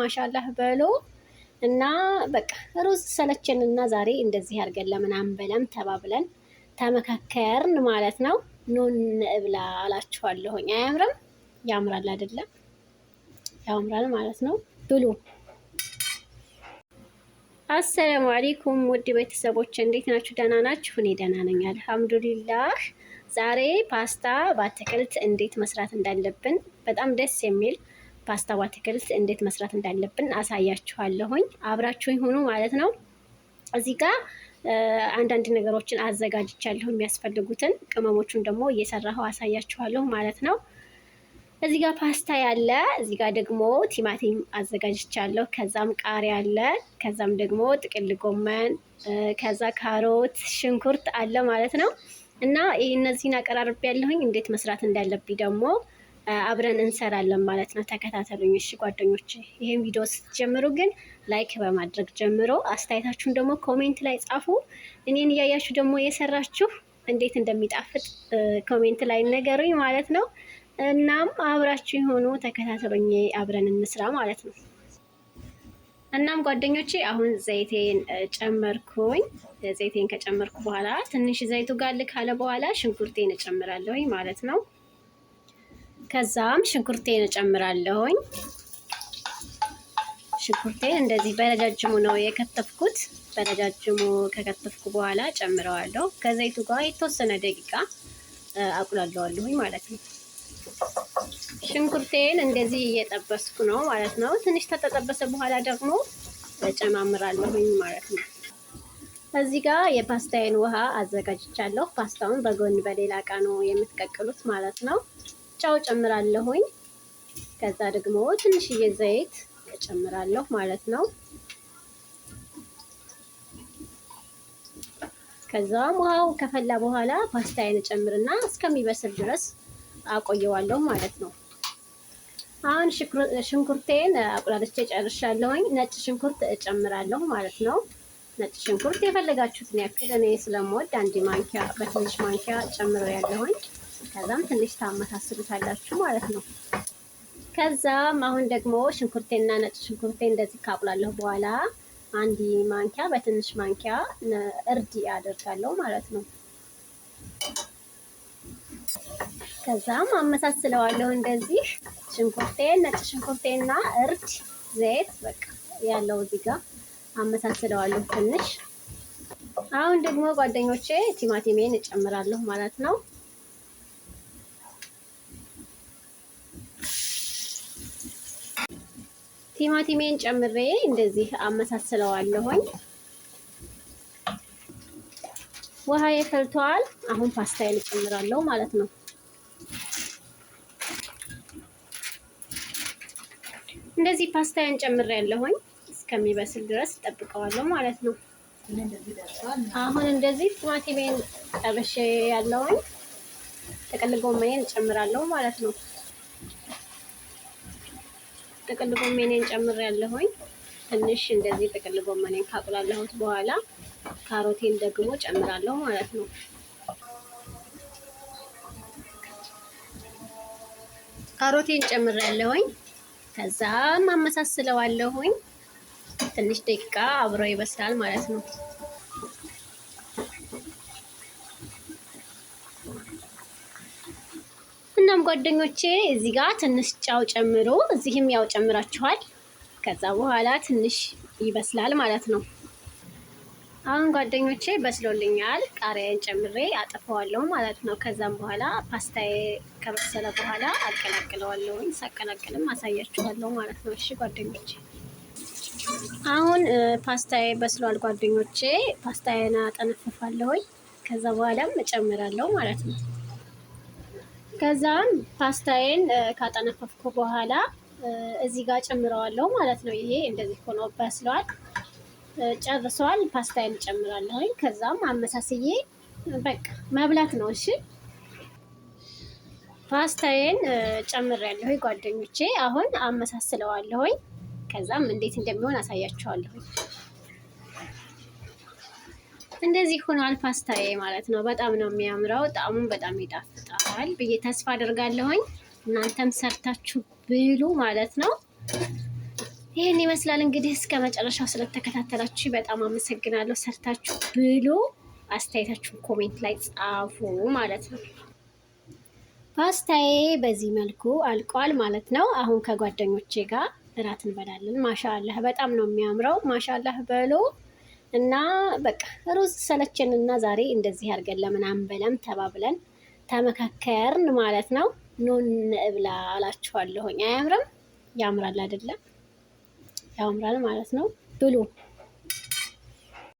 ማሻላህ በሎ እና በቃ ሩዝ ሰለችን እና ዛሬ እንደዚህ አድርገን ለምን በለም ተባብለን ተመካከርን ማለት ነው። ኑን እብላ አላችኋለሁኝ። አያምርም? ያምራል አይደለም? ያምራል ማለት ነው። ብሉ። አሰላሙ አሌይኩም ውድ ቤተሰቦች እንዴት ናችሁ? ደህና ናችሁ? እኔ ደህና ነኝ አልሐምዱሊላህ። ዛሬ ፓስታ በአትክልት እንዴት መስራት እንዳለብን በጣም ደስ የሚል ፓስታ በአትክልት እንዴት መስራት እንዳለብን አሳያችኋለሁኝ። አብራችሁኝ ሁኑ ማለት ነው። እዚህ ጋር አንዳንድ ነገሮችን አዘጋጅቻለሁ። የሚያስፈልጉትን ቅመሞቹን ደግሞ እየሰራሁ አሳያችኋለሁ ማለት ነው። እዚህ ጋር ፓስታ ያለ፣ እዚህ ጋር ደግሞ ቲማቲም አዘጋጅቻለሁ። ከዛም ቃሪያ አለ፣ ከዛም ደግሞ ጥቅል ጎመን፣ ከዛ ካሮት፣ ሽንኩርት አለ ማለት ነው። እና እነዚህን አቀራርቤ ያለሁኝ እንዴት መስራት እንዳለብኝ ደግሞ አብረን እንሰራለን ማለት ነው። ተከታተሉኝ እሺ ጓደኞች። ይሄን ቪዲዮ ስትጀምሩ ግን ላይክ በማድረግ ጀምሮ አስተያየታችሁን ደግሞ ኮሜንት ላይ ጻፉ። እኔን እያያችሁ ደግሞ የሰራችሁ እንዴት እንደሚጣፍጥ ኮሜንት ላይ ነገሩኝ ማለት ነው። እናም አብራችሁ የሆኑ ተከታተሉኝ፣ አብረን እንስራ ማለት ነው። እናም ጓደኞቼ አሁን ዘይቴን ጨመርኩኝ። ዘይቴን ከጨመርኩ በኋላ ትንሽ ዘይቱ ጋል ካለ በኋላ ሽንኩርቴን እጨምራለሁኝ ማለት ነው። ከዛም ሽንኩርቴን እጨምራለሁኝ። ሽንኩርቴን እንደዚህ በረጃጅሙ ነው የከተፍኩት። በረጃጅሙ ከከተፍኩ በኋላ ጨምረዋለሁ። ከዘይቱ ጋር የተወሰነ ደቂቃ አቁላለዋለሁኝ ማለት ነው። ሽንኩርቴን እንደዚህ እየጠበስኩ ነው ማለት ነው። ትንሽ ከተጠበሰ በኋላ ደግሞ እጨማምራለሁኝ ማለት ነው። እዚህ ጋር የፓስታዬን ውሃ አዘጋጅቻለሁ። ፓስታውን በጎን በሌላ እቃ ነው የምትቀቅሉት ማለት ነው። ጨው ጨምራለሁኝ። ከዛ ደግሞ ትንሽዬ ዘይት እጨምራለሁ ማለት ነው። ከዛ ውሃው ከፈላ በኋላ ፓስታዬን እጨምርና እስከሚበስል ድረስ አቆየዋለሁ ማለት ነው። አሁን ሽንኩርቴን አቁላልቼ ጨርሻለሁኝ። ነጭ ሽንኩርት እጨምራለሁ ማለት ነው። ነጭ ሽንኩርት የፈለጋችሁትን ያክል እኔ ስለምወድ አንድ ማንኪያ በትንሽ ማንኪያ ጨምሮ ያለሁኝ ከዛም ትንሽ ታመሳስሉታላችሁ ማለት ነው። ከዛም አሁን ደግሞ ሽንኩርቴና ነጭ ሽንኩርቴ እንደዚህ ካቁላለሁ በኋላ አንድ ማንኪያ በትንሽ ማንኪያ እርድ አደርጋለሁ ማለት ነው። ከዛም አመሳስለዋለሁ እንደዚህ ሽንኩርቴ ነጭ ሽንኩርቴና እርድ፣ ዘይት በቃ ያለው እዚህ ጋር አመሳስለዋለሁ ትንሽ። አሁን ደግሞ ጓደኞቼ ቲማቲሜን እጨምራለሁ ማለት ነው። ቲማቲሜን ጨምሬ እንደዚህ አመሳስለዋለሁኝ። ውሃ የፈልተዋል። አሁን ፓስታ እጨምራለሁ ማለት ነው። እንደዚህ ፓስታዬን ጨምሬ ያለሁኝ እስከሚበስል ድረስ ጠብቀዋለሁ ማለት ነው። አሁን እንደዚህ ቲማቲሜን ጠብሼ ያለሁኝ ጥቅል ጎመኔን ጨምራለሁ ማለት ነው። ጥቅል ጎመኔን ጨምር ያለሁኝ ትንሽ እንደዚህ ጥቅል ጎመኔን ካቁላለሁት በኋላ ካሮቴን ደግሞ ጨምራለሁ ማለት ነው። ካሮቴን ጨምር ያለሁኝ ከዛም አመሳስለዋለሁኝ። ትንሽ ደቂቃ አብሮ ይበስላል ማለት ነው። እናም ጓደኞቼ እዚህ ጋር ትንሽ ጫው ጨምሮ እዚህም ያው ጨምራችኋል። ከዛ በኋላ ትንሽ ይበስላል ማለት ነው። አሁን ጓደኞቼ በስሎልኛል። ቃሪያን ጨምሬ አጥፈዋለሁ ማለት ነው። ከዛም በኋላ ፓስታዬ ከበሰለ በኋላ አቀላቅለዋለሁ። ሳቀላቅልም አሳያችኋለሁ ማለት ነው። እሺ ጓደኞቼ አሁን ፓስታዬ በስሏል። ጓደኞቼ ፓስታዬን አጠነፍፋለሁኝ። ከዛ በኋላም እጨምራለሁ ማለት ነው። ከዛም ፓስታዬን ካጠነፈፍኩ በኋላ እዚህ ጋር ጨምረዋለሁ ማለት ነው። ይሄ እንደዚህ ሆኖ በስለዋል፣ ጨርሰዋል። ፓስታዬን ጨምራለሁ። ከዛም አመሳስዬ በቃ መብላት ነው። እሺ ፓስታዬን ያለሁኝ ጓደኞቼ። አሁን አመሳስለዋለሁኝ። ከዛም እንዴት እንደሚሆን አሳያቸዋለሁኝ። እንደዚህ ሆኗል ፓስታዬ ማለት ነው። በጣም ነው የሚያምረው። ጣዕሙን በጣም ይጣፍጣል ብዬ ተስፋ አደርጋለሁኝ። እናንተም ሰርታችሁ ብሉ ማለት ነው። ይህን ይመስላል እንግዲህ። እስከ መጨረሻው ስለተከታተላችሁ በጣም አመሰግናለሁ። ሰርታችሁ ብሉ። አስተያየታችሁን ኮሜንት ላይ ጻፉ ማለት ነው። ፓስታዬ በዚህ መልኩ አልቋል ማለት ነው። አሁን ከጓደኞቼ ጋር እራት እንበላለን። ማሻአላህ በጣም ነው የሚያምረው። ማሻአላህ በሉ። እና በቃ ሩዝ ሰለችን እና ዛሬ እንደዚህ አድርገን ለምን በለም ተባብለን ተመካከርን ማለት ነው። ኑን እብላ አላችኋለሁኝ። አያምርም? ያምራል አይደለም? ያምራል ማለት ነው። ብሉ